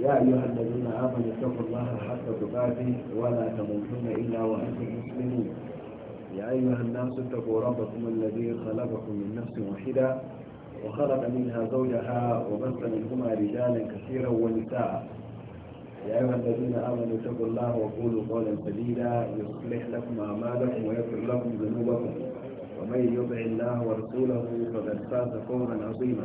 يا أيها الذين آمنوا اتقوا الله حق تقاته ولا تموتن إلا وأنتم مسلمون يا أيها الناس اتقوا ربكم الذي خلقكم من نفس واحدة وخلق منها زوجها وبث منهما رجالا كثيرا ونساء يا أيها الذين آمنوا اتقوا الله وقولوا قولا سديدا يصلح لكم أعمالكم ويغفر لكم ذنوبكم ومن يطع الله ورسوله فقد فاز فوزا عظيما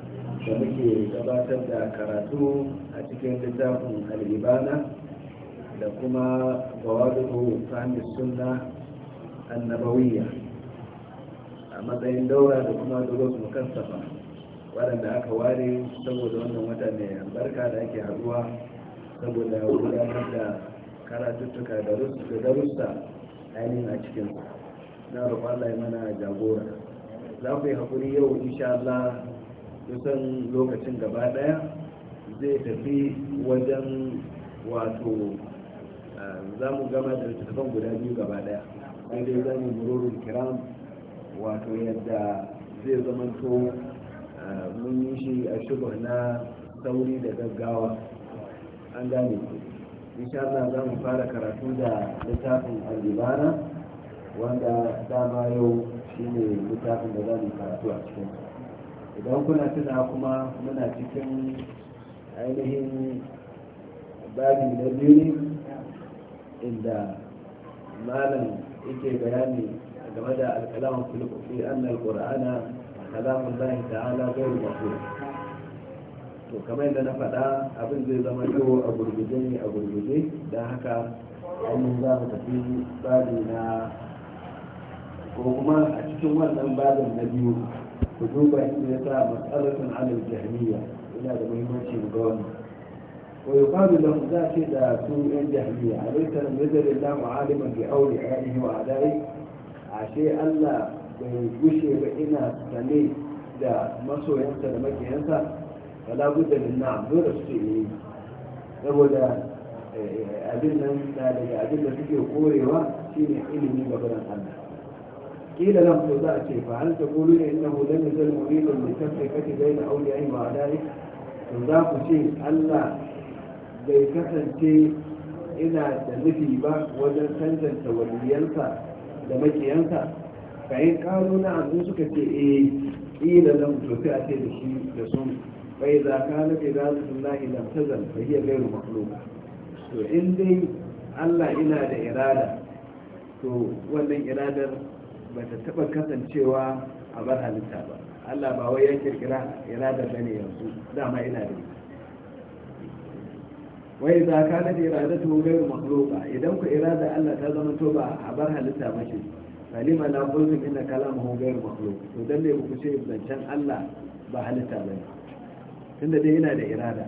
da muke gabatar da karatu a cikin littafin al'ibana da kuma gawadu fahimtar sunna annabawiyya a matsayin daura da kuma duros mukassafa waɗanda aka ware saboda wannan wata mai albarka da ake haɗuwa saboda gudanar da karatuttuka da darussa ainihin a cikin na roƙon mana jagora za ku yi haƙuri yau insha kusan lokacin gaba daya zai tafi wajen wato za mu gama da littattafan guda biyu gaba daya sai dai za mu mururun kiram wato yadda zai zamanto mun yi shi a shubar na sauri da gaggawa an gane insha Allah za mu fara karatu da littafin alibara wanda dama yau shi ne littafin da za mu karatu a cikin idan kuna tuna kuma muna cikin ainihin babi na biyu inda malam yake bayani game da alkalamun filifofi an alkur'ana kalamun lahi ta'ala gairu mafi to kamar yadda na faɗa abin zai zama yau a gurguje ne a gurguje don haka ainihin za mu tafi babi na ko kuma a cikin wannan babin na biyu ku duba inda ya sa matsalatun alal jahmiya ina da muhimmanci ga wannan wa yuqalu lahum za ce da su yan jahmiya alaysa lam yazal illahu aliman bi awli ayyihi wa adai ashe Allah bai gushe ba ina sane da masoyansa da makiyansa fala budda lin na'am dole su ce eh. saboda eh, eh, abin nan na daga abin da suke korewa shine ilimi gaban Allah kila nan to za a ce fa hal taqulu innahu da yazal muridan li tafrikati bayna awliya'i wa adari to za ku ce Allah bai kasance ina da nufi ba wajen tantance waliyanka da makiyanka kayan kano na abu suka ce eh kila nan to sai a ce da sun bai za ka nufi za su suna ilam tazal ba yi gairu makloka to in dai Allah ina da irada to wannan iradar ba ta taba kasancewa a bar halitta ba Allah ba wai ya kirkira irada bane yanzu dama ina da wai za ka na da irada to gairu ba idan ku irada Allah ta zama to ba a bar halitta ba ce salima la qultu inna kalamahu gairu makhluq to dan ne ku ce zancan Allah ba halitta ba ne tunda dai ina da irada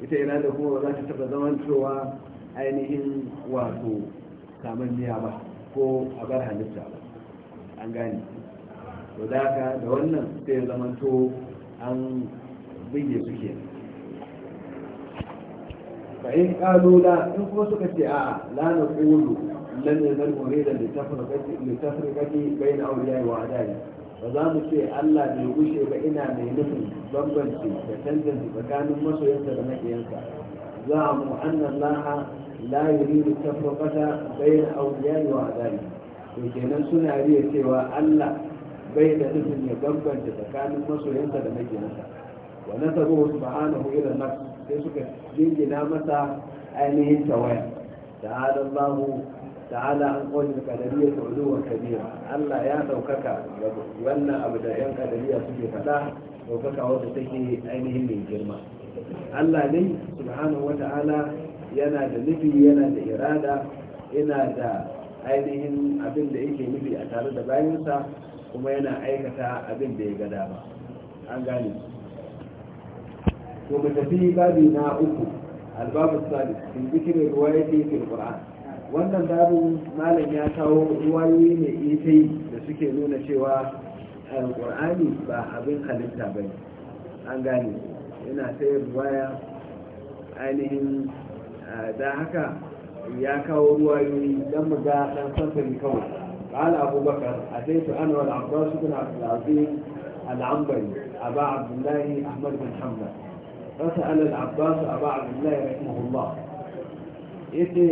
ita irada kuma ba za ta taba cewa ainihin wato miya ba ko a bar halitta ba an gane to da haka da wannan sai zama to an bige su ke fa in kalu la in kuma suka ce a'a la na qulu lan yanal murida li tafriqati li tafriqati bayna awliya wa adali ba za mu ce Allah bai gushe ba ina mai nufin bambanci da tantance tsakanin masoyansa da makiyansa za mu anna Allah la yuridu tafriqata bayna awliya wa adali to kenan suna riya cewa Allah bai da nufin ya bambanta tsakanin masoyansa da makiyansa wa nasabu subhanahu ila nafs sai suka jingina masa ainihin tawaya ta'ala Allah ta'ala an qawli qadariyya uluwa kabira Allah ya daukaka wannan abu da yan qadariyya suke fada daukaka wanda take ainihin mai girma Allah ne subhanahu ala yana da nufi yana da irada ina da ainihin abin da yake nufi a tare da bayansa kuma yana aikata abin da ya ga ba an gane to mu tafi babi na uku albabu salis in ruwa ruwayati fil qur'an wannan babu malam ya kawo ruwayoyi ne yi da suke nuna cewa alqur'ani eh, ba abin halitta ba an gane yana sayar ruwaya ainihin eh, da haka ya kawo ruwayoyi dan mu ga dan sanfari kawai قال أبو بكر أتيت أنا والعباس بن عبد العظيم العنبري أبا عبد الله أحمد بن حنبل فسأل العباس أبا عبد الله رحمه الله يتي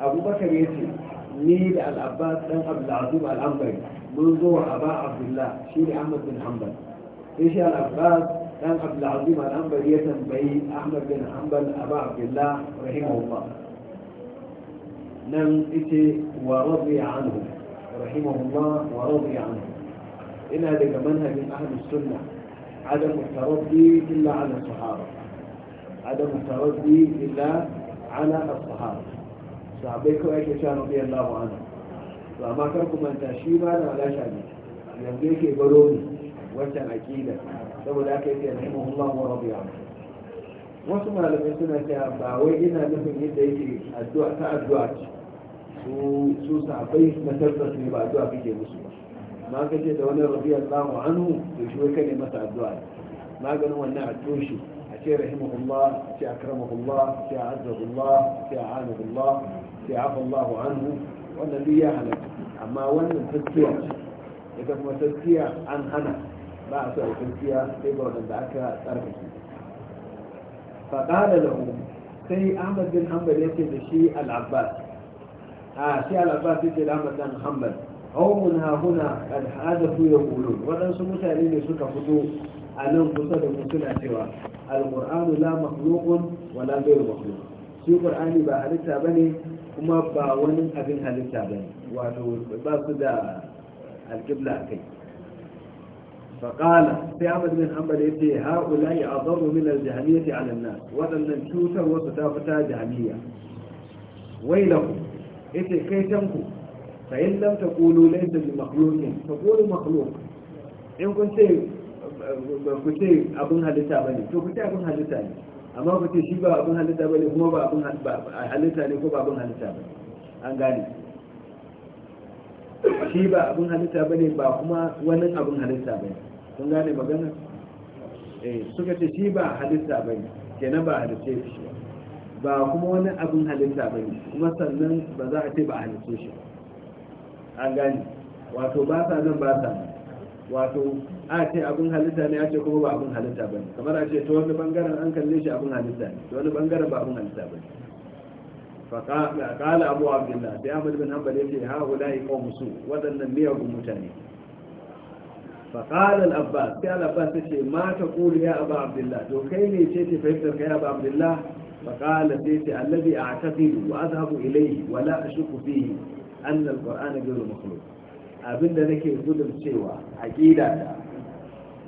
أبو بكر يتي ميل العباس بن عبد العظيم العنبري منذ أبا عبد الله شيري أحمد بن حنبل إيش العباس بن عبد العظيم العنبري يتنبي أحمد بن حنبل أبا عبد الله رحمه الله nan ita wa rabi anhu rahimahullah wa rabi anhu ina daga manhajin ahlus sunna adam taraddi illa ala sahaba adam taraddi illa ala sahaba sahabbai ko ake cewa rabbi Allahu anhu to amma kar ku manta shi ma da alasha ne yanzu yake baro ne wancan aqida saboda haka yake rahimahullah wa radiya wasu malamai suna cewa ba wai ina nufin yadda yake addu'a ta addu'a ce سوسع بيت مثبت في بعض دعاء في جيبوسو ما قد يتولي رضي الله عنه يشوى كلمة الدعاء ما قد هو النعى التوشي أشياء رحمه الله أشياء أكرمه الله أشياء عزه الله أشياء عانه الله أشياء عفى الله عنه والنبي يهلك أما وانا تذكية يكف ما تذكية عن أنا لا أسأل تذكية إبرا لدعك تركك فقال له سي أحمد بن حنبل يكيد الشيء العباس Ah, sai al'abba sai ce da ahmad dan hanbal qaumun ha huna su ya yaqulun waɗansu mutane ne suka fito a nan kusa da mu suna cewa alqur'anu la makhluqun wa la ghayr makhluq shi ba halitta ne kuma ba wani abin halitta bane wato ba su da alqibla kai فقال في عمد بن حنبل يبدي هؤلاء أضر cutar الجهمية ta الناس وأن الشوثر wai جهمية ku. yace kai tanku fa in lam taqulu laysa bi makhluqin taqulu makhluq in kun ce ku ce abin halitta bane to ku ce abin halitta ne amma ku ce shi ba abin halitta bane kuma ba abin halitta ne ko ba abun halitta bane an gane shi ba abin halitta bane ba kuma wani abin halitta bane kun gane magana eh suka ce shi ba halitta bane kenan ba halitta shi ba ba kuma wani abin halitta ba ne kuma sannan ba za a ce ba a halitto shi a an gane wato ba sa nan ba sa nan wato a ce abin halitta ne a ce kuma ba abin halitta ba ne kamar a ce ta wani bangaren an kalle shi abin halitta ne ta wani bangaren ba abin halitta ba ne faƙala abu abdullah sai ahmad bin hanbal yace ha ulai qawm su wadannan miyagun mutane faƙala al-abbas sai al-abbas yace ma ta qulu ya abu abdullah to kai ne ce ce fahimtar kai abu abdullah فقال سيتي الذي أعتقد وأذهب إليه ولا أشك فيه أن القرآن غير مخلوق abinda nake gudun cewa aqida ta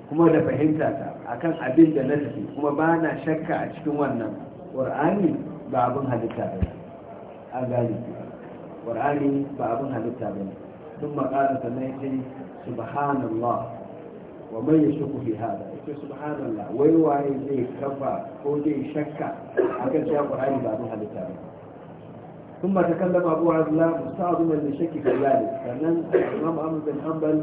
kuma da fahimta ta akan abin da nake kuma ba na shakka a cikin wannan qur'ani ba abin halitta bane an gane qur'ani ba abin halitta bane sun ta sannan yace subhanallah wa man yashku fi hada yace subhanallah wai waye zai kafa ko zai shakka akan cewa qur'ani ba abin halitta ba ثم تكلم أبو عبد مستعظما لشك في ذلك فنن الإمام أحمد بن حنبل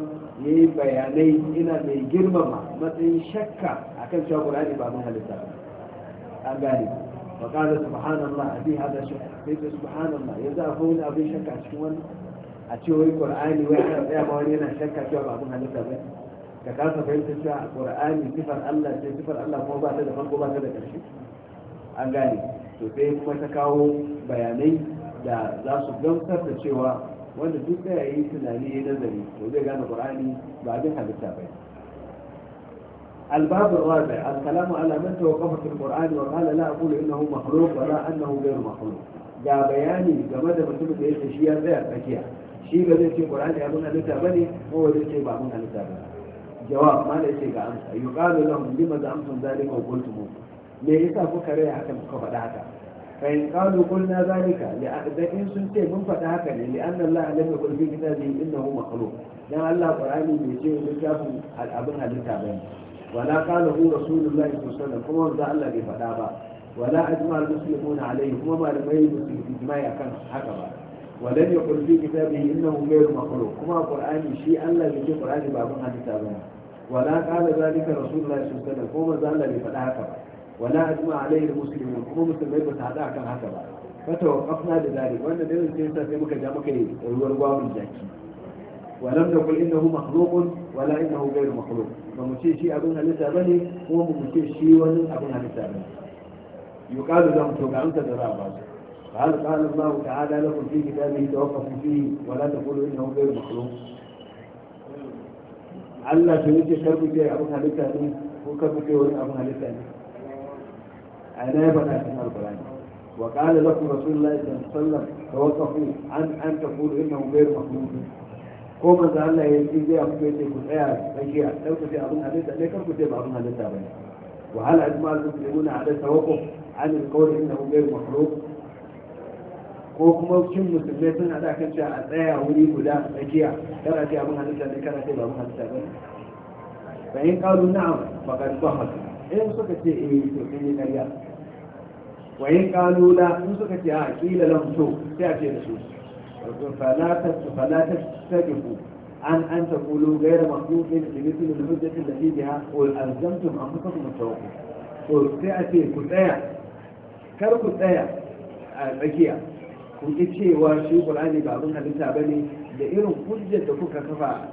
يي بياني إلى مي جرمما مثل شك أكن شو قرآني بعضها للتعب أبالي وقال سبحان الله أبي هذا شك قلت سبحان الله يزا أفون أبي شك أشكون أتشوي قرآني وإحنا يا مولانا شك أشوى بعضها للتعب كذا فهمت شو قرآني صفر الله صفر الله فوق بعد هذا فوق بعد هذا كل شيء an gane to sai kuma ta kawo bayanai da za su gamsar da cewa wanda duk da yayi tunani ya nazari to zai gane qur'ani ba abin halitta ba الباب الرابع الكلام على من توقف في القرآن وقال لا أقول إنه مخلوق ولا أنه غير مخلوق ga bayani game da mutumin da yake shi ya tsaya tsakiya shi ba zai ce qur'ani abun halitta bane ko ba zai ce ba abun halitta bane jawab ma da yake ga amsa yuqalu lahum me yasa kuka rai haka muka faɗa haka fa in qalu qulna zalika li ahdathin sun ce mun faɗa haka ne li anna Allah lam yakul fi kitabihi innahu makhluq dan Allah qur'ani bai ce littafin al'abun halitta bane wala qala hu rasulullahi sallallahu alaihi wasallam kuma wanda Allah bai faɗa ba wala ajma al-muslimuna alaihi kuma malamai musulmi ijma'i akan haka ba ولم يقل في كتابه انه غير مخلوق كما قراني شيء الله يجي قراني بابن حديث ولا قال ذلك رسول الله صلى الله عليه وسلم هو ما زال بفدها wala ajma alaihi muslimun kuma musulmai ba su hada akan haka ba fata wa kafna da zalik wannan dalilin sai yasa sai muka ja muka yi ruwan gwamnati jaki ولم نقل انه مخلوق ولا انه غير مخلوق فمشي شيء ابن هلسا بني هو مشي شيء ولن ابن هلسا بني يقال لهم توقعون تدرى قال قال الله تعالى لكم في كتابه توقفوا فيه ولا تقولوا انه غير مخلوق Allah ta wuce karfi ce abin halitta ne ko karfi abin halitta أنا بناتنا القرآن وقال لكم رسول الله صلى الله عليه وسلم توقفوا عن أن تقولوا إنه غير مخلوق ko manzo Allah ya yi zai abu ce ku tsaya tsakiya sai ku ce abin halitta ne kar ku ce abin halitta bane wa hal ajma'al muslimuna ala tawaqquf an al-qawl innahu ghayr makhluq ko kuma cin musulmai sun hada kan cewa a tsaya wuri guda tsakiya kar a ce abin halitta ne kar a ba in suka ce eh to sun yi karya wa in kalula in suka ce a kila lam to sai a ce da su fala ta fala ta tajibu an an taqulu ghayra maqdufin bi mithli al-hujjati allati biha qul alzamtum anfusakum at-tawakkul to sai a ce ku tsaya kar ku tsaya a tsakiya ku ki cewa shi qur'ani ba abin halitta bane da irin hujjar da kuka kafa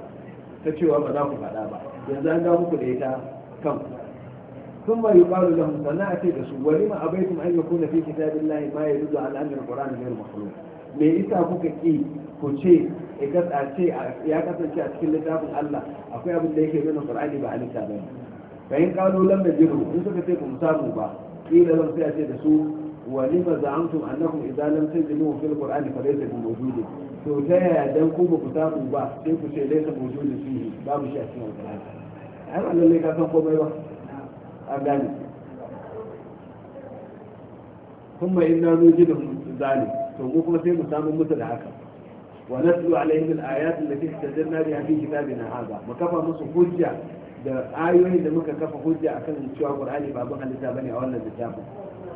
ta cewa ba za ku faɗa ba yanzu an ga muku da ita kanku ثم يقال لهم صنع تيدس ولما أبيتم أن يكون في كتاب الله ما يدل على أن القرآن غير مخلوق me yasa kuka ki ku ce ya kasance a cikin littafin Allah akwai abin da yake nuna Qur'ani ba halitta ba fa in qalu lam najidu in suka ce ku samu ba kila lam sai a ce da su wa lima za'amtum annakum idza lam tajidu fil Qur'ani fa laysa bi mawjud to ta yaya dan ku ba ku samu ba sai ku ce laysa mawjud fihi babu shi a cikin Qur'ani ai wannan ne ka san komai ba an gane kuma in na zo jinin zalim to mu kuma sai mu samu musu da haka wa naslu alaihim al-ayat allati istajarna biha fi kitabina hadha mu kafa musu hujja da ayoyin da muka kafa hujja akan cewa qur'ani ba abin halitta bane a wannan littafin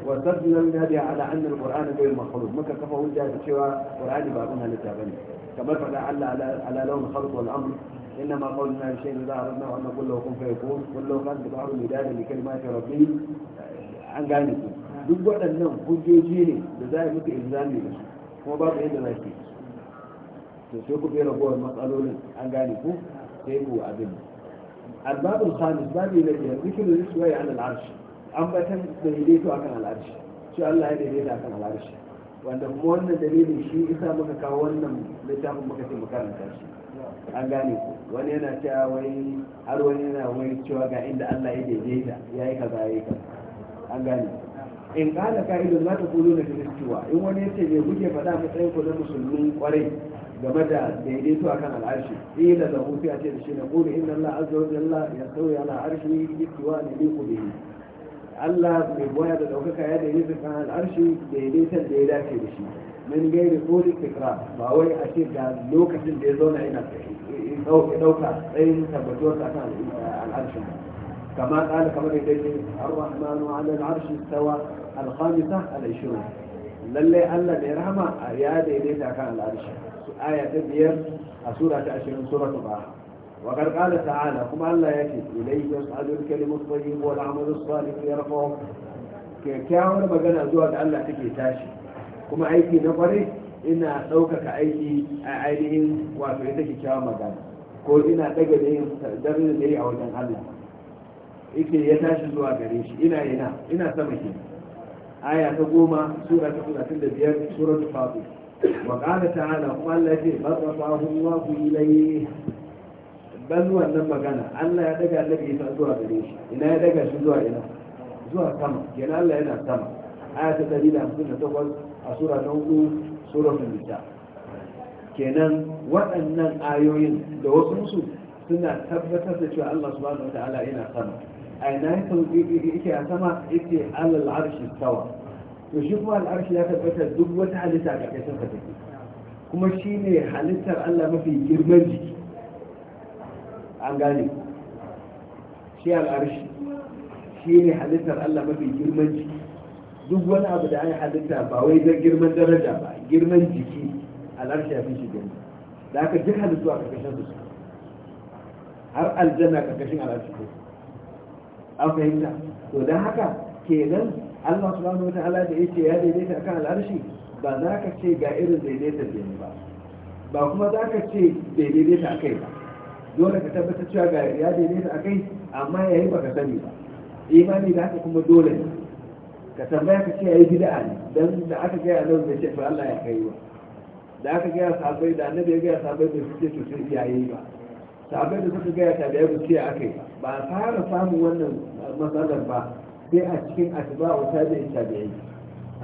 wa sadna min hadiya ala anna al-qur'ana ghayr makhluq muka kafa hujja da cewa qur'ani ba abin halitta bane kamar fada Allah ala lawan khalq wal amr إنما قولنا بشيء إذا أردنا أن نقول له كن فيكون قل له كان بظهر مدادا لكلمات ربي an gane ku duk waɗannan hujjoji ne da za a yi muku ilzami da su kuma ba babu yadda za ki to sai ku fera gowar matsalolin an gane ku sai ku abin albabul khamis babu da ke zikiru waye an al'arshi an batan da daidaito akan al'arshi shi Allah ya daidaita akan al'arshi wanda kuma wannan dalilin shi isa muka kawo wannan littafin muka ce mu karanta shi an gane ku wani yana cewa wai har wani yana wai cewa ga inda Allah ya daidaita ya yi kaza ya yi kaza an gane in kana ka'idun za ta kulo da kiristuwa in wani ya ce bai guje faɗa matsayin ku na musulmin kwarai game da daidaito akan al'arshi in da zahu fi a ce da shi na kulu inna Allah azza wa jalla ya sauya ala arshi istiwa ne bi kubihi Allah mai boya da daukaka ya daidaita kan al'arshi daidaitan da ya dace da shi min gairi kuli fikra ba wai a ce ga lokacin da ya zo na ina tsaye ɗauka tsayin tabbatuwar ta eh, al'arshin lallai Allah mai rahama ya daidaita kan al'arshi ta biyar a sura ta ashirin baha وقد قال تعالى كما الله يكي إليه يصعد الكلم الطيب والعمل الصالح يرفعه zuwa مغنى allah الله تكي تاشي كما أيكي kwarai ina ɗaukaka aiki a ainihin wato ita kyakkyawar magana ko ina ɗaga da yin darin da yi a wajen Allah ike ya tashi zuwa gare shi ina yana ina sama ke aya ta goma sura ta talatin da biyar sura ta fatu wa ƙara ta hana kuma Allah ya ce matsafahun yi ilai ban wannan magana Allah ya daga da ya zuwa gare shi ina ya daga shi zuwa ina zuwa sama kenan Allah yana sama aya ta ɗari da hamsin da takwas a sura ta hudu suratul nisa kenan waɗannan ayoyin da wasu musu suna tabbatar da cewa Allah subhanahu wataala yana sama a ina yake a sama yake alal arshi sawa to shi kuma al'arshi ya tabbatar duk wata halitta a ƙarƙashin sa take kuma shi ne halittar Allah mafi girman jiki an gane shi al'arshi shi ne halittar Allah mafi girman jiki duk wani abu da an halitta ba wai don girman daraja ba girman jiki al'arshi ya fi shi gani da aka duk halittu a ƙarƙashin su har aljanna ƙarƙashin al'arshi ko an fahimta to don haka kenan Allah subhanahu wa ta'ala da ce ya daidaita akan al'arshi ba za ka ce ga irin daidaita da ba ba kuma za ka ce daidaita akai ba dole ka tabbatar cewa ga ya daidaita akai amma ya yi baka sani ba imani da haka kuma dole ne ka tambaya ka ce yayi bid'a ne dan da aka gaya nan bai ce to Allah ya kai ba da aka gaya sabai da annabi ya gaya sabai bai fice to sai iyaye ba sabai da suka gaya tabi'a bai ce yi ba a fara samun wannan matsalar ba sai a cikin atba'u tabi'i tabi'i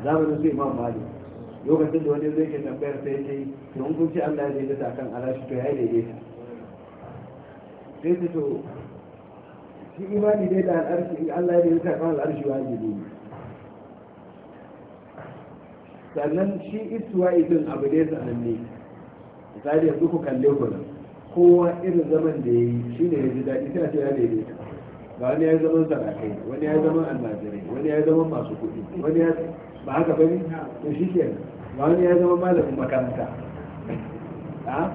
zamanin su imam mali lokacin da wani zai ke tambayar sai ce to mun kun ce Allah ya daidaita kan alashi to ya yi daidaita sai to shi imani dai da al'arshi Allah ya daidaita kan al'arshi wajibi ne sannan shi istiwa'i idin abu ne sananne misali yanzu ku kalle ku nan kowa irin zaman da ya yi shi ne ya ji daɗi sai a ce ya daidaita ba wani ya yi zaman sarakai wani ya yi zaman almajirai wani ya yi zaman masu kuɗi wani ya ba haka bane to shi ke ba wani ya zama malamin makaranta a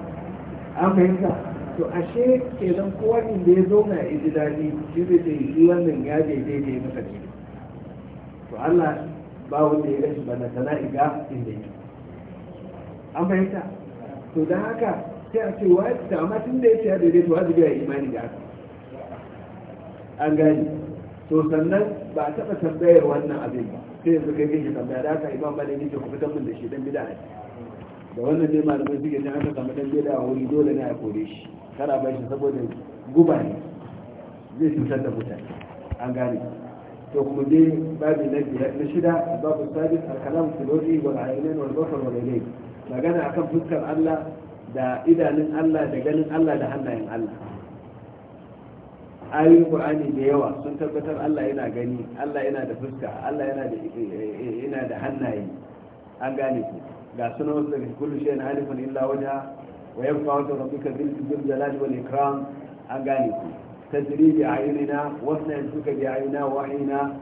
an fahimta to ashe kenan kowa inda ya zauna ya ji daɗi shi zai ce shi wannan ya daidaita ya masa to Allah ba wanda ya rashi ba na sana'i ga inda yake an fahimta to don haka sai a ce wa ya wajibi amma tun da ya ce ya daidaita wajibi ya imani ga haka an gani to sannan ba a taɓa tambayar wannan abin ba sai yanzu kai kai tambaya da haka imam malik yake kuma fitan mun da shi dan bid'a ne da wannan dai malamai suke jin haka kamar dan bid'a wuri dole ne a kore shi kana ba shi saboda guba ne zai cutar da mutane an gani. to ku je babi na biyar na shida babu sabis alkalam filori wal ayyunan wal basar wal ilai magana akan fuskar Allah da idanun Allah da ganin Allah da hannayen Allah ayoyin qur'ani da yawa sun tabbatar Allah yana gani Allah yana da fuska Allah yana da yana da hannaye an gane ku ga sunan wasu daga kullu shay'in alifun illa wajha wa yabqa wajhu rabbika dhil jalali wal ikram an gane ku تجري بعيننا وفنا wannan suka وعينا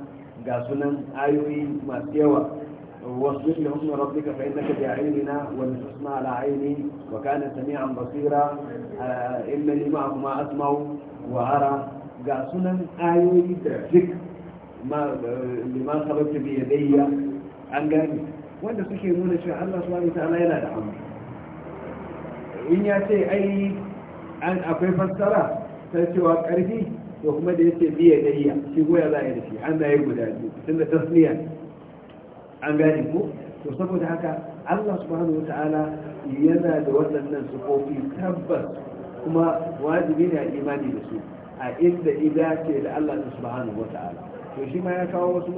قاسنا آيوي ما sunan واصبر لحكم ربك فإنك بأعيننا والحسنى على عيني وكان سميعا بصيرا آه، إنني لي ما أسمع وأرى قاسنا آيوي ذكر ما لما خرجت بيدي عن قاني وأنا سكي من شاء الله سبحانه وتعالى إلى العمر إن يأتي أي أن أقف الصلاة ta cewa karfi da kuma da yace biya dayya shi goya za a yi da shi an da guda biyu tunda tasniya an gane ko to saboda haka Allah subhanahu wataala yana da waɗannan sufofi tabbas kuma wajibi ne a imani da su a inda ida ce da Allah subhanahu wataala to shi ma ya kawo wasu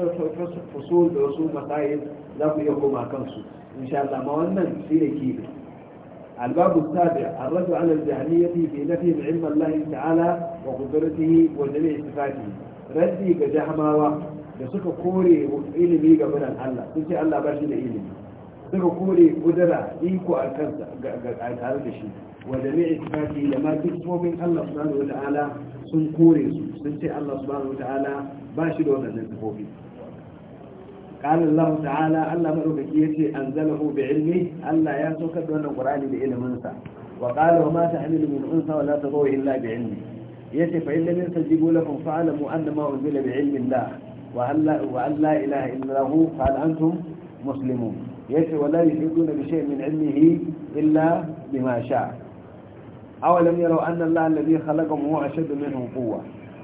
fasul da wasu matsayin za ku iya koma kansu insha Allah ma wannan shi ne kibi الباب السابع الرد على الجهمية في نفيهم علم الله تعالى وقدرته وجميع صفاته ردي كجهماوة da suka kore ilimi ga munan Allah sun ce Allah ba shi da ilimi suka kore kudura iko a kansa tare da shi wa jami'i sifati da ma duk komin Allah subhanahu ta'ala sun kore su sun ce Allah subhanahu ta'ala ba shi da wannan قال الله تعالى الله مدوكي أنزله بعلمه الله يا سوكر دون القرآن بإلم أنسى وقال وما تحمل من أنسى ولا تضوه إلا بعلمه يتي فإن لم يستجيبوا لكم فاعلموا أن ما أنزل بعلم الله وأن لا إله إلا هو قال أنتم مسلمون يتي ولا يحيطون بشيء من علمه إلا بما شاء أولم يروا أن الله الذي خلقهم هو أشد منهم قوة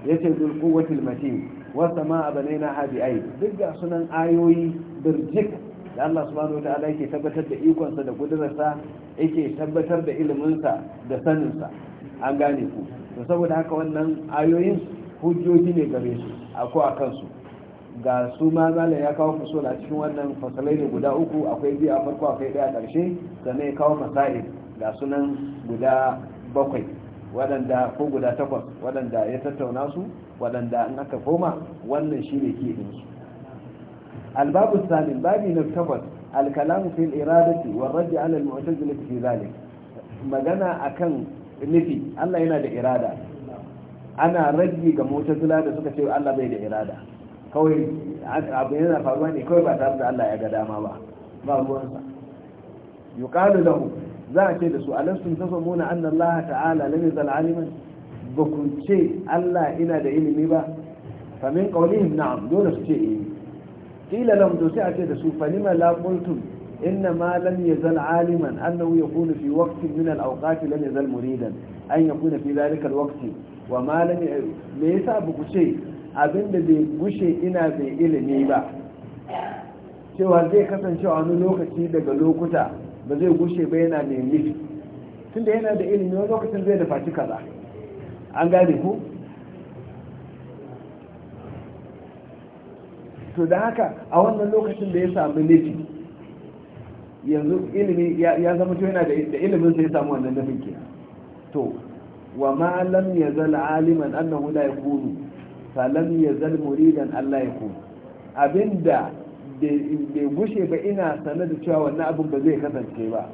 يتي ذو القوة المتين wasa ma bane na habi ayi duk ga sunan ayoyi birjik da Allah subhanahu ala yake tabbatar da ikonsa da kudurarsa yake tabbatar da iliminsa da saninsa an gane ku to saboda haka wannan ayoyin hujjoji ne gare su ko a kansu ga su ma malam ya kawo fasola a cikin wannan fasalai da guda uku akwai biyu a farko akwai ɗaya ƙarshe sannan ya kawo masa'il ga sunan guda bakwai waɗanda ko guda takwas waɗanda ya tattauna su waɗanda an aka koma wannan shi ne ke ɗinsu albabu samin babi na takwas alkalamu fil iradati wa rajja ala al-mu'tazila fi zalik magana akan nufi Allah yana da irada ana rajji ga mu'tazila da suka ce Allah bai da irada kawai abu yana faruwa ne kawai ba tare da Allah ya ga dama ba ba ruwansa yuqalu lahu za a ce da su alastum tazamuna anna Allah ta'ala lam yazal aliman ba ku ce Allah ina da ilimi ba fa min qawlihim na'am dole su ce eh qila lahum to sai a ce da su fa lima la qultum inna ma lam yazal aliman annahu yakunu fi waqtin min al-awqat lam yazal muridan an yakuna fi dhalika al-waqti wa ma lam me yasa ba ku ce abinda bai gushe ina bai ilimi ba cewa zai kasance a wani lokaci daga lokuta ba zai gushe ba yana da mai tun da yana da ilimi wani lokacin zai da faci kaza an gane ku to da haka a wannan lokacin da ya samu nufi yanzu ilimi ya zama to yana da ilimin sai ya samu wannan nufin ke to wa ma lam zala aliman annahu la yakunu fa lam zala muridan Allah la yakunu abinda bai gushe ba ina sanar da cewa wannan abin ba zai kasance ba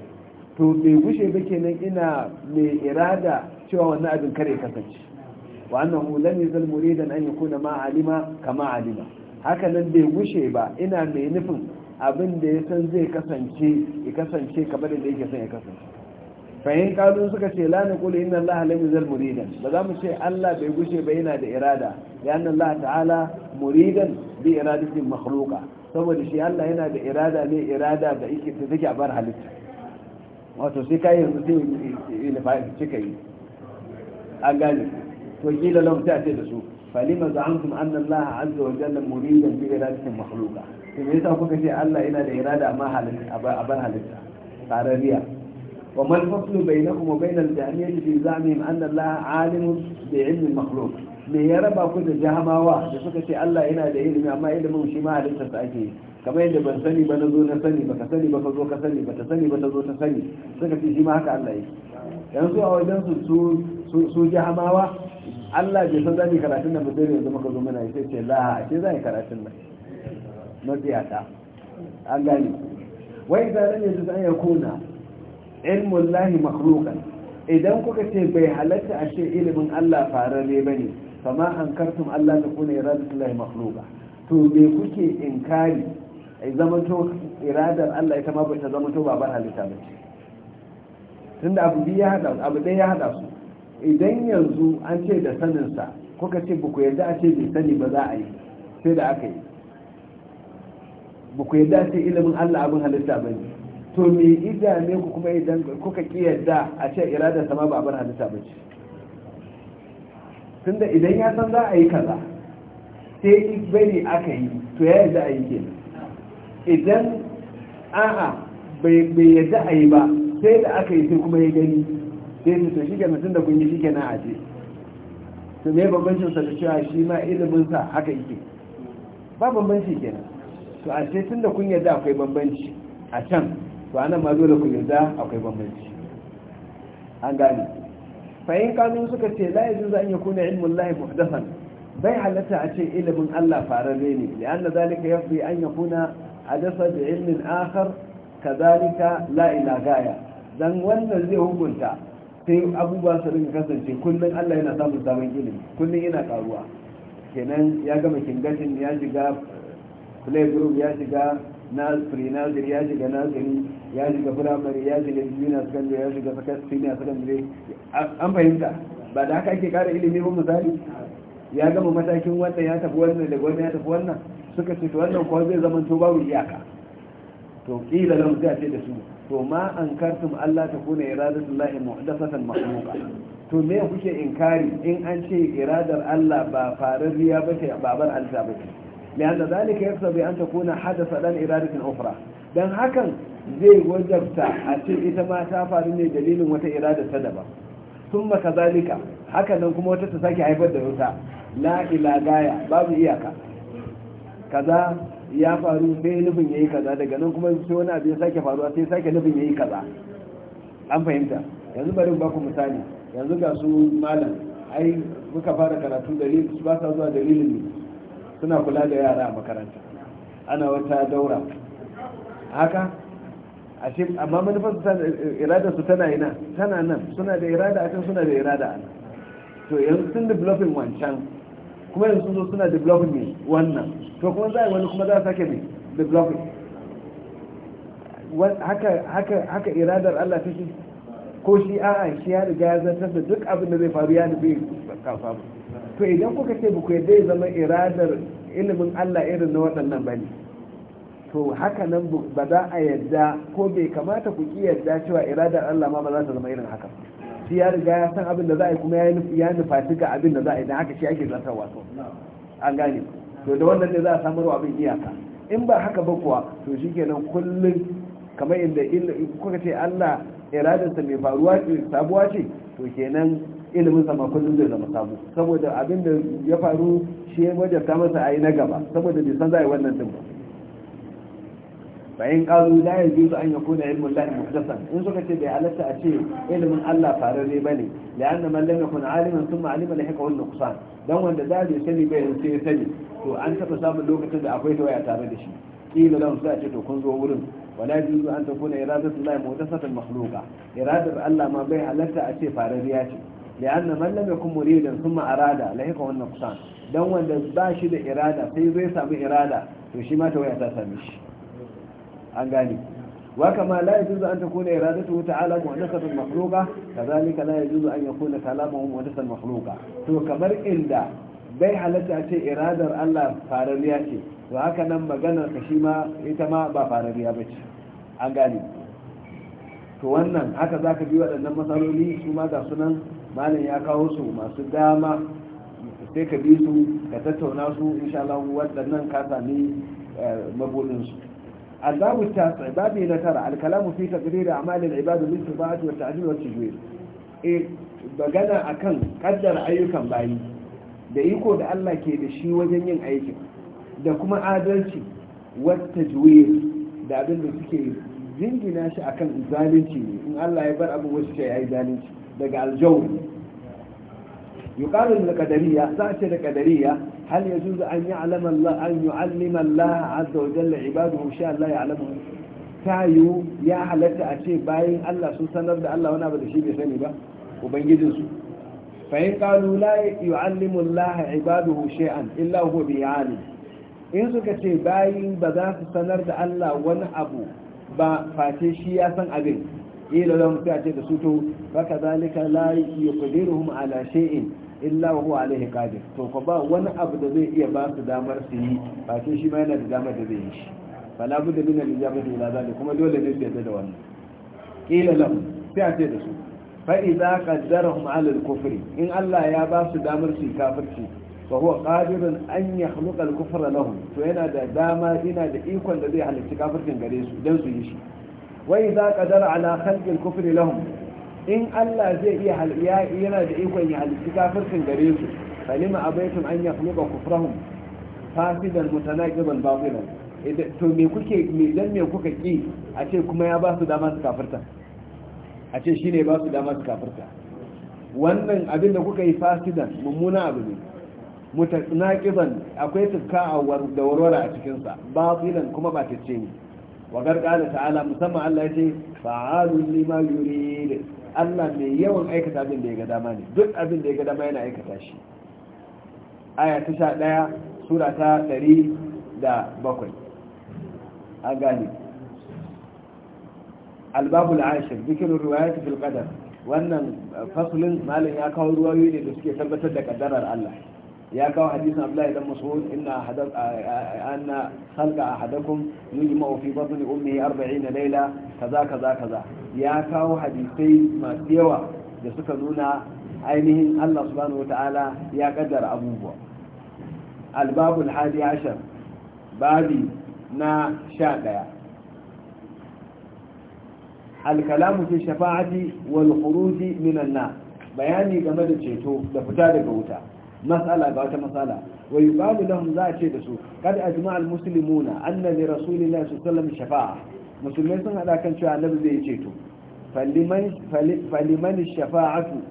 to bai gushe ba kenan ina mai irada cewa wannan abin kare kasance wa annahu lam yazal muridan an yakuna ma alima kama alima Hakanan bai gushe ba ina mai nufin abin da ya san zai kasance ya kasance kamar da yake son ya kasance fahim kalu suka ce la na kula inna Allah lam yuzal muridan ba za mu ce Allah bai gushe ba yana da irada ya anna Allah ta'ala muridan bi iradatin makhluqa saboda shi Allah yana da irada ne irada da yake ta take a bar halitta wato sai kai yanzu sai ne fa cika yi an gane to kila lam ta ce da su falima za'antum anna Allah azza wa jalla muridan bi iradatin makhluqa to me yasa kuka ce Allah yana da irada amma halitta a bar halitta tarariya وما الفصل بينهم وبين الجهمية في زعمهم أن الله عالم بعلم المخلوق me ya raba ku da jahamawa da suka ce Allah yana da ilimi amma ilimin shi ma halitta sa ake kamar yadda ban sani ba na zo na sani baka sani ba ka zo ka sani ba ta sani ba ta zo ta sani suka ce shi haka Allah yanzu a wajen su su Allah bai san zai karatun nan ba sai yanzu muka zo mana sai ce la ce zai karatun nan matsiyata an gane wai da ran yanzu an yakuna ilmu lahi makhlukan idan kuka ce bai halatta a ce ilimin Allah ne ba ne kama an kartun Allah ta kuna iradatu lahi makhluka to bai kuke inkari a zamanto iradar Allah ita ma bata zamanto ba bar halitta ba ce tunda abu biyu ya hada abu ɗaya ya hada su idan yanzu an ce da saninsa kuka ce buku yadda a ce bai sani ba za a yi sai da aka yi buku yadda a ce ilimin Allah abin halitta ba ne to me idame ku kuma idan kuka kiyarda a ce iradar sama ba abin hadisa ba ce tunda idan ya san za a yi kaza sai bari aka yi to ya yadda a yi ke idan a'a bai yadda a yi ba sai da aka yi sai kuma ya gani sai su to shi kenan tun da kun yi shi na a ce to me bambancin sa da cewa shi ma ilimin sa haka yake ba bambanci kenan to a ce tun da kun yadda akwai bambanci a can to anan ma dole ku yarda akwai bambanci an gane fa'in suka ce la yajuzu kuna yakuna ilmun lahi muhdathan bai halatta a ce ilimin Allah fararre ne li'anna zalika yafi an yakuna hadasa da ilmin akhar zalika la ila gaya dan wannan zai hukunta sai abubuwa su rinka kasance kullum Allah yana samun sabon ilimi kullum yana karuwa kenan ya gama kingatin ya shiga play group ya shiga na pre ya shiga nazari ya shiga firamare ya shiga junior secondary ya shiga senior secondary an fahimta ba da haka ake kara ilimi ba misali ya gama matakin wannan ya tafi wannan daga wannan ya tafi wannan suka ce to wannan kuwa zai zama to babu iyaka to kila lam sai ce da su to ma an kartum Allah ta kuna lahi muhdathatan makhluqa to me kuke inkari in an ce iradar Allah ba fararriya ba ce babar alta ba ce لأن ذلك يقتضي أن تكون حدث لن إرادة أخرى لأن hakan zai wajabta a ce ita ma ta faru ne dalilin wata irada ta daban sun maka zalika haka nan kuma wata ta sake haifar da ila gaya babu iyaka kaza ya faru sai nufin yayi kaza daga nan kuma sai wani abu ya sake faruwa sai sake nufin yayi kaza an fahimta yanzu bari ba ku misali yanzu ga su malam ai muka fara karatu dalil su ba sa zuwa dalilin ne suna kula da yara a makaranta ana wata daura haka ashe amma manufar irada su tana ina tana nan suna da irada akan suna da irada a to yanzu sun developing wancan kuma yanzu sun zo suna developing ne wannan to kuma za a wani kuma za a sake ne developing haka haka haka iradar Allah take ko shi a'a shi ya riga ya zartar da duk abin da zai faru ya nufi kafa ba to idan kuka ce ba ku yadda ya zama iradar ilimin Allah irin na waɗannan ba ne to haka nan ba za a yadda ko bai kamata ku ki yadda cewa iradar Allah ma ba za ta zama irin haka shi ya riga ya san abin da za a yi kuma ya nufaci ga abin da za a yi don haka shi ake zartar wato an gane to da wannan ne za a samar wa abin iyaka in ba haka ba kuwa to shi kenan kullum kamar inda kuka ce Allah iradarsa mai faruwa ce sabuwa ce to kenan ilimin zama kullum zai zama sabo saboda abin da ya faru shi ya ta masa a yi na gaba saboda bai san za a yi wannan din ba bayan ƙaru la ya juzu an yako da ilmin lahi muhdasan in suka ce bai halatta a ce ilimin Allah fararre ba ne la'anna man lam yakun aliman thumma alima lahi qawl nuqsan dan wanda da bai sani bai sai ya sani to an taɓa samun lokacin da akwai tawaya tare da shi kila da su a ce to kun zo wurin ولا يجوز أن تكون إرادة الله مؤتسة مخلوقة إرادة الله ما a ce أشي فارغياتي لأن من لم يكن مريدا ثم أراد لهيك هو النقصان دون وند باشي ده إرادة في زي an إرادة وشي ما توي أساسامش أنقاني وكما لا يجوز أن تكون إرادته تعالى محدثة المخلوقة كذلك لا يجوز أن يكون كلامه محدثة المخلوقة تو كمر إلدا bai halatta a ce iradar Allah farariya ce to haka nan maganar ka shi ma ita ma ba farariya ba ce an gane to wannan haka za ka bi waɗannan matsaloli su ma ga sunan malam ya kawo su masu dama sai ka bi su ka tattauna su insha Allah waɗannan ka sami eh, mabudin su الباب التاسع باب نترى الكلام min تقرير wa ta'dil wa tajwid eh magana akan kaddar ayyukan bayi da iko da Allah ke da shi wajen yin aikin da kuma adalci wa tajwid da abin da suke jingina shi akan zalunci in Allah ya bar abu wasu yayi ya yi zalunci daga da yuqalu za a ce da kadariya, hal zuzu an yi Allah an yu'allima Allah azza wa jalla ibaduhu sha Allah ya'lamuhu tayu ya halatta a ce bayan Allah sun sanar da Allah wani abu da shi bai sani ba ubangijinsu fa in qalu la yu'allimu Allah ibaduhu an illa huwa bi alim in suka ce bayin ba za su sanar da Allah wani abu ba face shi ya san abin ila lam sai a ce da su to baka zalika la yuqdiruhum ala shay'in illa wa huwa alayhi qadir to ko ba wani abu da zai iya ba su damar su yi ba shi ma yana da damar da zai yi shi fala budda min al-ijabati ila zalika kuma dole ne su yadda da wannan ila lam sai a ce da su fa idza qaddarahum ala al-kufri in Allah ya ba su damar su kafirci fa huwa qadirun an yakhluqa al-kufra lahum to yana da dama yana da ikon da zai halicci kafircin gare su dan su yi shi wai za ka ala khalqil kufr lahum in Allah zai iya haliya yana da ikon ya halitta kafircin gare su falima abaitum an yakhluqa kufrahum fasidan mutanaqiban batilan to me kuke me dan me kuka ki a ce kuma ya ba su dama su kafirta a ce shi ne ba su dama su kafirta wannan abin da kuka yi fasidan mummuna abu ne mutanaqiban akwai tukka a da warwara a cikinsa sa kuma ba ta ce ne wa gargala ta'ala musamman Allah yace fa'alun lima yurid Allah mai yawan aikata abin da ya ga dama ne duk abin da ya ga dama yana aikata shi aya ta daya sura ta 107 an gane albabul ashir zikirin ruwayat fil qadar wannan fasulin malin ya kawo ruwayoyi ne da suke tabbatar da kaddarar Allah ya kawo hadisin abdullahi dan mas'ud inna hadak anna khalqa ahadakum yujma'u fi batni ummihi 40 layla kaza kaza kaza ya kawo hadisai masu yawa da suka nuna ainihin Allah subhanahu wata'ala ya kaddara abubuwa albabul hadi ashar babi na sha daya alkalamu fi shafa'ati wal khuruji minan nar bayani game da ceto da fita daga wuta matsala ga wata matsala wai yuqalu lahum za a ce da su kad ajma al muslimuna anna li rasulillahi sallallahu alaihi shafa'a musulmai sun hada kan cewa annabi zai to faliman faliman shafa'atu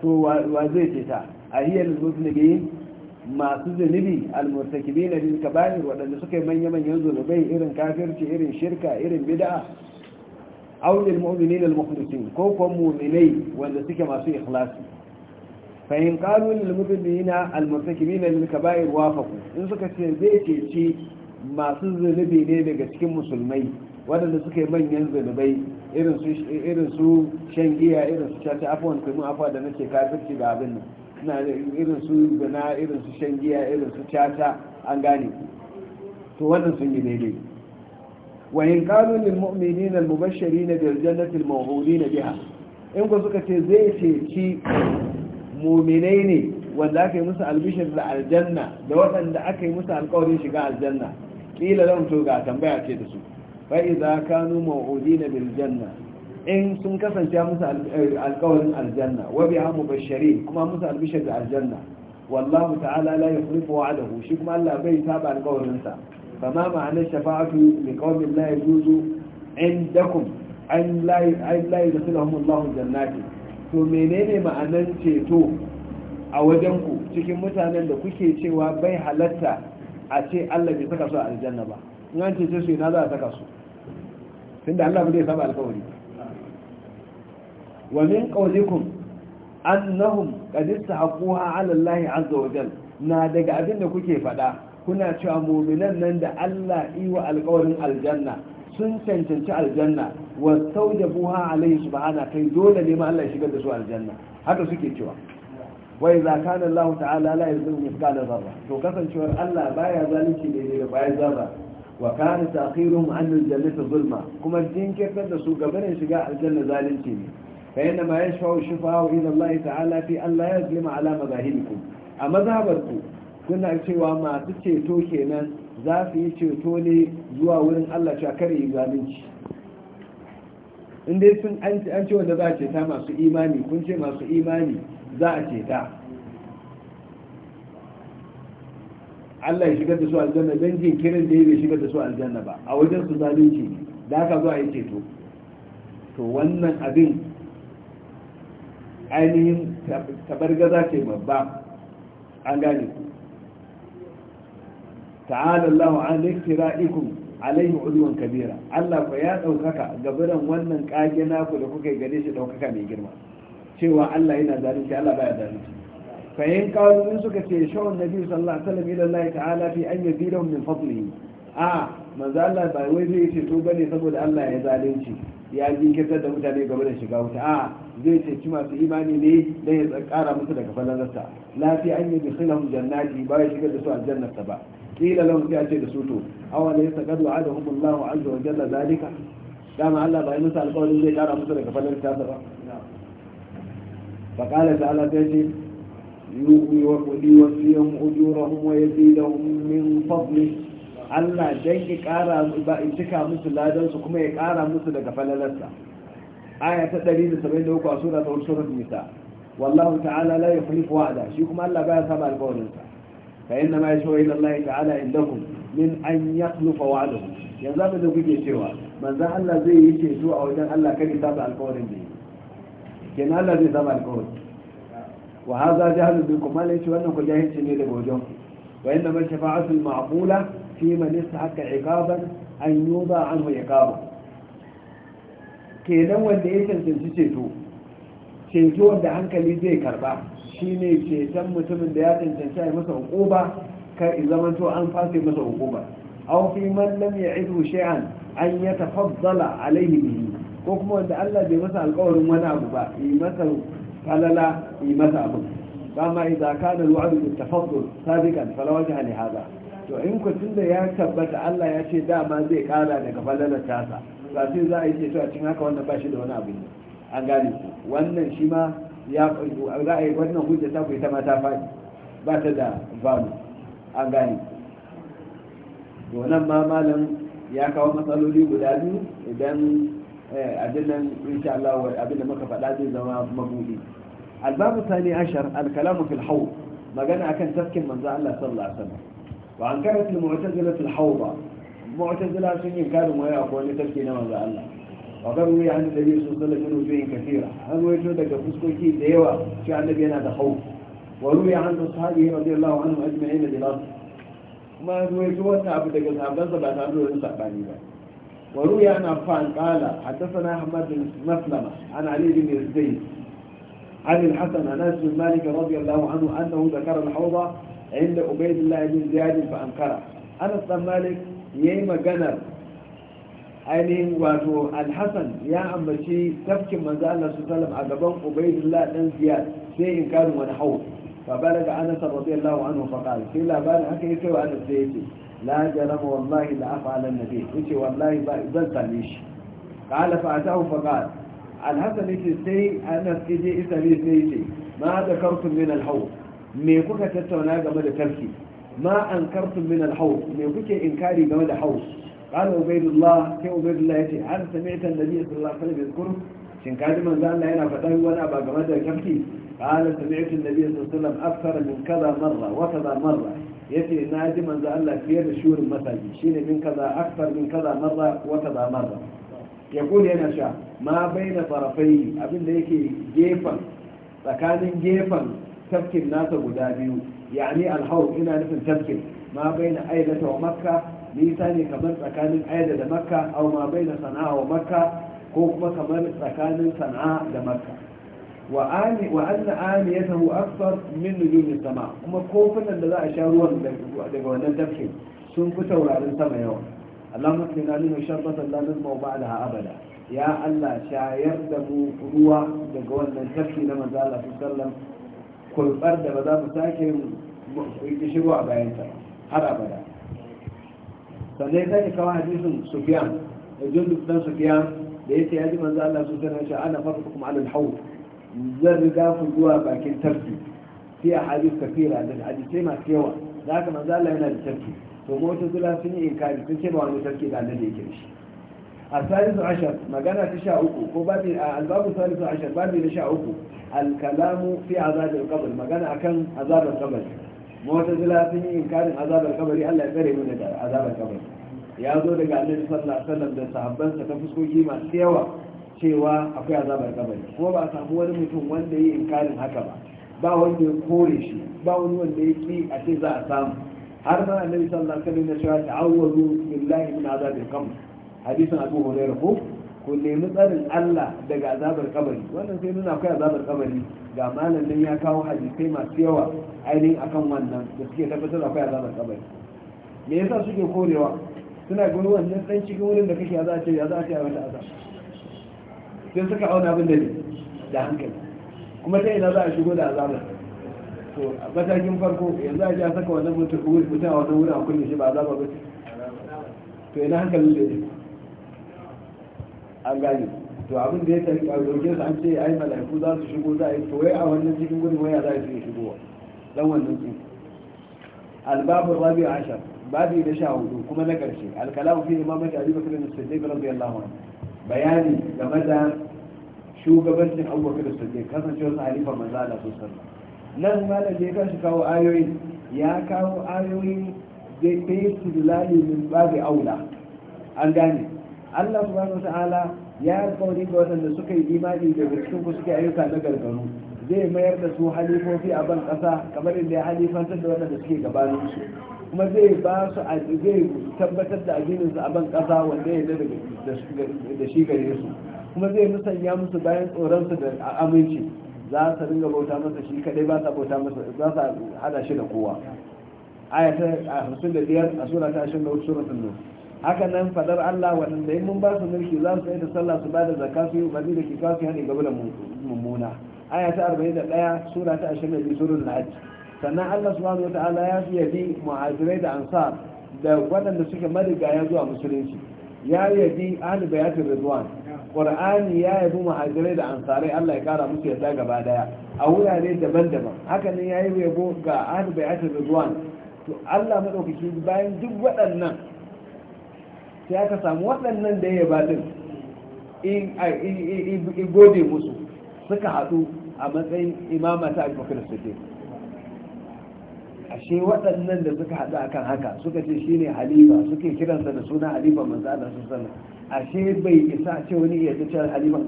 to wa zai ceta ahiyal muslimin masu zunubi almurtakibi na bin kaba'ir waɗanda suka yi manya-manyan zunubai irin kafirci irin shirka irin bid'a aulil mu'minin al ko kuma mu'minai wanda suke masu ikhlasi fahim kalu lil mudillina al murtakibina lil kaba'ir wafaqu in suka ce zai ceci masu zunubi ne daga cikin musulmai waɗanda suka yi manyan zunubai irin su shan giya irin su caca afuwan kuma mun afuwa da nake kafirci da abin nan irin su gana irin su shan giya irin su caca an gane to wannan sun yi daidai وإن قالوا na المبشرين بالجنة suka ce zai كنت كتزيتي muminai ne wanda aka yi musu albishir da aljanna da waɗanda aka yi musu alkawarin shiga aljanna ƙila zan to ga tambaya ce da su fa'i za kanu ma'udi na biljanna in sun kasance musu eh, alƙawarin aljanna wabi hamu bashari kuma musu albishir da aljanna wallahu ta'ala la yukhlifu wa'adahu shi kuma Allah bai saba alkawarinsa fama ma'anar shafa'atu li qaumin la yajuzu indakum an la yudkhiluhum Allahu jannati to menene ma'anar ceto a wajen ku cikin mutanen da kuke cewa bai halatta a ce Allah bai saka su a aljanna ba in an cece su ina za a saka su tunda Allah bai saba alkawari wa min qawlikum annahum qad istahaquha 'ala Allah 'azza wa jalla na daga abin da kuke faɗa kuna cewa mu'minan nan da Allah yi wa alkawarin aljanna sun cancanci aljanna wa buha alayhi subhana kai dole ne ma Allah ya shigar da su aljanna haka suke cewa wa idza kana Allah ta'ala la yuzlimu mithqala dharra to kasancewar Allah baya zalunci ne da baya zarra wa kana ta'khiruhum an aljannati zulma kuma jinkirtar da su gaban shiga aljanna zalunci ne fa inna ma yashfa'u shifa'u ila Allah ta'ala fi an la yuzlima ala mazahibikum a mazhabarku kuna cewa masu ceto kenan za su yi ceto ne zuwa wurin Allah cewa kare yi zalunci in sun an ce wanda za a ceta masu imani kun ce masu imani za a ceta Allah ya shigar da su aljanna don jin kirin da ya bai shigar da su aljanna ba a wajen su zalunci ne da aka zo a yi ceto to wannan abin ainihin tabargaza ce babba an gane ku ta'ala Allah an iktiraikum alaihi ulwan kabira Allah fa ya daukaka gabaran wannan kage naku da kuka gare shi daukaka mai girma cewa Allah yana zalunci Allah baya zalunci fa in kawo suka ce shawun nabi sallallahu alaihi wasallam ila Allah ta'ala fi an yadidahum min fadlihi a manzo Allah ba wai zai ce to bane saboda Allah ya zalunci ya jinkirtar da mutane game da shiga wuta a zai ceci masu imani ne da ya kara musu daga falalarsa lafiya an yi bisilahun jannati ba ya shigar da su aljannarsa ba kila lahum sai a ce da su to awa ne yasa gadu a da hukullahu azza wa jalla zalika dama Allah ba ya musu alƙawarin zai kara musu daga falalarsa ba فقال تعالى تجد يوفيهم أجورهم ويزيدهم من فضله Allah dan ya ƙara ba in cika musu ladan kuma ya ƙara musu daga falalarsa aya ta 173 a sura ta sura nisa wallahu ta'ala la yukhlifu wa'da shi kuma Allah baya saba alƙawarin sa fa inna ma yashu ila Allah ta'ala indakum min an yakhlifa wa'dahu yanzu abin da kuke cewa manzon Allah zai yi ceto a wajen Allah kai ya saba alƙawarin da kenan Allah zai saba alƙawarin wa hadha jahalun bikum malai ce wannan ku jahilci ne daga wajen ku wa inna ma shafa'atul ma'qula fi man istahaqqa iqaban an yuba anhu kenan wanda ya cancanci ceto ceto wanda hankali zai karba shine ceton mutumin da ya cancanci a masa hukuma kar in to an fasa masa hukuma aw fi man lam ya'idu shay'an an yatafaddala alayhi bihi ko kuma wanda Allah bai masa alƙawarin wani abu ba yi masa falala yi masa abu kama idza kana alwa'd bitafaddul sabiqan fala li hadha to in kwacin da ya tabbata Allah ya ce dama zai kara daga falalar tasa ba sai za a yi ce to a cikin haka wannan ba shi da wani abu ne an gane ku wannan shi ma ya za a yi wannan hujja ta kuwa ta ma ta faɗi ba ta da babu an gane ku to nan ma malam ya kawo matsaloli guda biyu idan eh, abin nan insha Allah abin da muka faɗa zai zama mabudi albabu sani ashar alkalamu fil hawl magana akan tafkin manzo Allah sallallahu alaihi wasallam wa an karanta da mu'tazilatul hawda mu'tazila sun yi karin waya ko wani tafsiri na manzo Allah wa kan ruya an da Yesu sallallahu alaihi wasallam yin kafira an waito daga fuskoki da yawa shi annabi yana da hau wa ruya an sahabi radiyallahu anhu ajma'in da lasu kuma waito wannan abu daga sahabbansa ba tare da wani sabani ba wa ruya an afan Ahmad عن الحسن عن انس مالك رضي الله عنه انه ذكر الحوض inda ubaidullah bin ziyad fa ankara anas dan malik yayi magana ainihin wato alhassan ya ambaci tafkin manzo Allah su sallam a gaban ubaidullah dan ziyar sai in karin wani hau fa balaga anas radiyallahu anhu fa qala sai labarin haka yake wa anas sai yace la jarama wallahi la af'ala nabi yace wallahi ba zan same shi qala fa atahu fa qala alhassan yace sai anas yaje isa ne sai yace ma zakartum min alhawd me kuka tattauna game da tarki ma an kartun min alhaus me kuke inkari game da haus قال عبيد الله كي عبيد الله يتي هل سمعت النبي صلى الله عليه وسلم يذكره شن كاد من ذا الله هنا فتاه وانا ابا جماد كمتي قال سمعت النبي صلى الله عليه وسلم اكثر من كذا مره وكذا مره يتي نادي من ذا الله في يد شهور مثلا شين من كذا اكثر من كذا مره وكذا مره يقول هنا شاء ما بين طرفي ابن ده يكي جيفا tsakanin gefen tafkin nasa guda biyu yani alhaur ina nufin tafkin ma baina aidata wa makka nisa ne kamar tsakanin aida da makka au ma baina sana'a wa makka ko kuma kamar tsakanin sana'a da makka wa ani wa anna aniyatahu akthar min nujumi sama kuma kofunan da za a sha ruwan daga wannan tafkin sun fi taurarin sama yawa Allahumma qina lana sharbatan la nazma ba'daha abada ya Allah shayar da mu ruwa daga wannan tafki na manzo Allah sallallahu kurɓar da ba za mu sake shigo a bayanta har abada sannan ya sake kawo hadisun sufiyan da jin Dukkan sufiyan da ya ce ya ji manzo Allah sun sanar shi ana farko kuma alal hawu zan riga ku zuwa bakin tarki fi a hadis kafira da hadisai masu yawa da haka manzo Allah yana da tarki to mota zula sun yi inkari sun ce ba wani tarki da annabi yake da shi الثالث عشر مجانا تشاء أكو الباب الثالث عشر باب تشاء أكو الكلام في عذاب القبر مجانا أكن عذاب القبر معتزلة إن كان عذاب القبر ألا يفري من عذاب القبر يا zo daga annabi sallallahu alaihi wasallam da sahabbansa ta fuskoki masu yawa cewa akwai azabar kabari kuma ba a samu wani mutum wanda ya inkarin haka ba ba wanda ya kore shi ba wani wanda ya ki a ce za a samu har ma annabi sallallahu alaihi wasallam ya ce hadisin abu huraira ko ku nemi tsarin Allah daga azabar kabari wannan sai nuna kai azabar kabari ga malamin ya kawo hadisai masu yawa ainihin akan wannan da suke tabbatar da kai azabar kabari me yasa suke korewa suna gani wannan dan cikin wurin da kake ya za a ce ya za a ce a wata azab sai suka auna abin da ne da hankali kuma ta ina za a shigo da azabar to a matakin farko yanzu a ji a saka wannan mutum a wannan wurin a kulle shi ba azaba ba to ina hankalin da ne an gane to abin da ya tafi a roƙe an ce ai mala'iku za su shigo za a yi to wai a wannan cikin gudun waya za su yi shigo dan wannan cikin albabu rabi ashar babi na sha hudu kuma na ƙarshe alkalamu fi imamati abi da as-siddiq radiyallahu anhu bayani game da shugabancin abubakar da siddiq kasancewar sa halifa manzo Allah sallallahu alaihi wasallam nan malam ya kashi kawo ayoyi ya kawo ayoyi da ta yi tilali min babi aula an gane Allah subhanahu ta'ala ya kauri ga waɗanda suka yi imani da cikin ku suke ayyuka na gargaru zai mayar da su halifofi a ban ƙasa kamar inda ya halifantar da waɗanda suke gabanin su kuma zai ba su zai tabbatar da addinin su a ban ƙasa wanda ya da shi gare su kuma zai musanya musu bayan tsoron su da aminci za su dinga bauta masa shi kadai ba sa bauta masa za su hada shi da kowa aya ta biyar a sura ta 23 suna nur haka nan fadar Allah waɗanda yin mun ba su mulki za su yi da sallah su ba da zakka su yi umarni da kika su hane gaba da mummuna aya ta 41 sura ta 22 surun na'at sannan Allah subhanahu ala ya fi yabi muhajirai da ansar da waɗanda mariga marigaya zuwa musulunci ya yabi ahli bayatin ridwan qur'ani ya yabi muhajirai da ansarai Allah ya kara musu yadda gaba daya a wurare daban-daban haka nan ya yi yabo ga ahli bayatin ridwan to Allah madaukaki bayan duk waɗannan sai aka samu waɗannan da ya ba din in gode musu suka haɗu a matsayin imama ta abubakar siddiq ashe waɗannan da suka haɗu akan haka suka ce shine halifa suke kiransa da suna halifa manzo Allah sallallahu ashe bai isa ce wani iya cewa halifa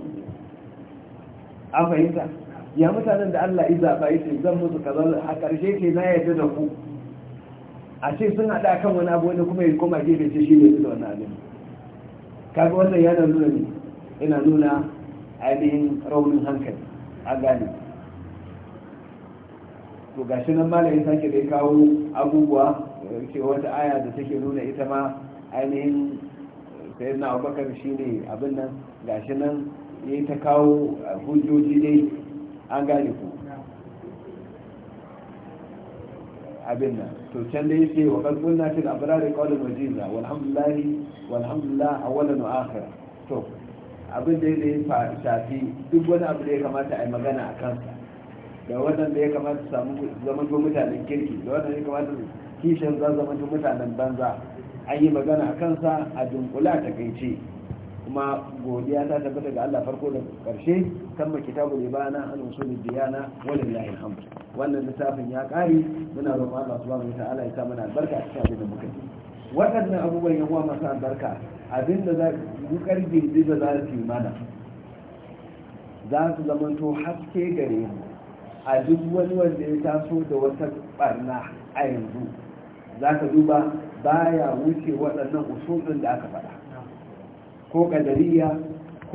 a fahimta ya mutanen da Allah ya zaba yace zan musu kaza a ƙarshe ke na yadda da ku a ce sun haɗa kan wani abu wani kuma ya koma gefe ce shi ne su da wannan abin kaga wannan yana nuna ne yana nuna ainihin raunin hankali a gane to shi nan malayin sake dai kawo abubuwa ce wata aya da take nuna ita ma ainihin na abubakar ne abin nan ga shi nan ya ta kawo hujjoji dai an gane ku abin nan to can da yake wa kalbun na da abrari qawlun wajiza walhamdulahi walhamdulahi a wani nu'akar to abin da ya shafi duk wani abu da ya kamata a yi magana a kansa da wannan da ya kamata su samu zamanto mutanen kirki da wannan ya kamata su kishin za zamanto mutanen banza an yi magana a kansa a dunkula ta kai ce kuma godiya ta tabbata ga Allah farko da ƙarshe tamma kitabu libana an usul diyana walillahi alhamd wannan littafin ya kare muna roƙon Allah subhanahu wataala ya sa mana albarka a cikin abin da muka yi waɗannan abubuwan ya uwa masu albarka abin da za ku karbi da za su yi mana za su zamanto haske gare mu a duk wani wanda ya taso da wata barna a yanzu za ka duba baya wuce waɗannan usulun da aka faɗa ko kadariya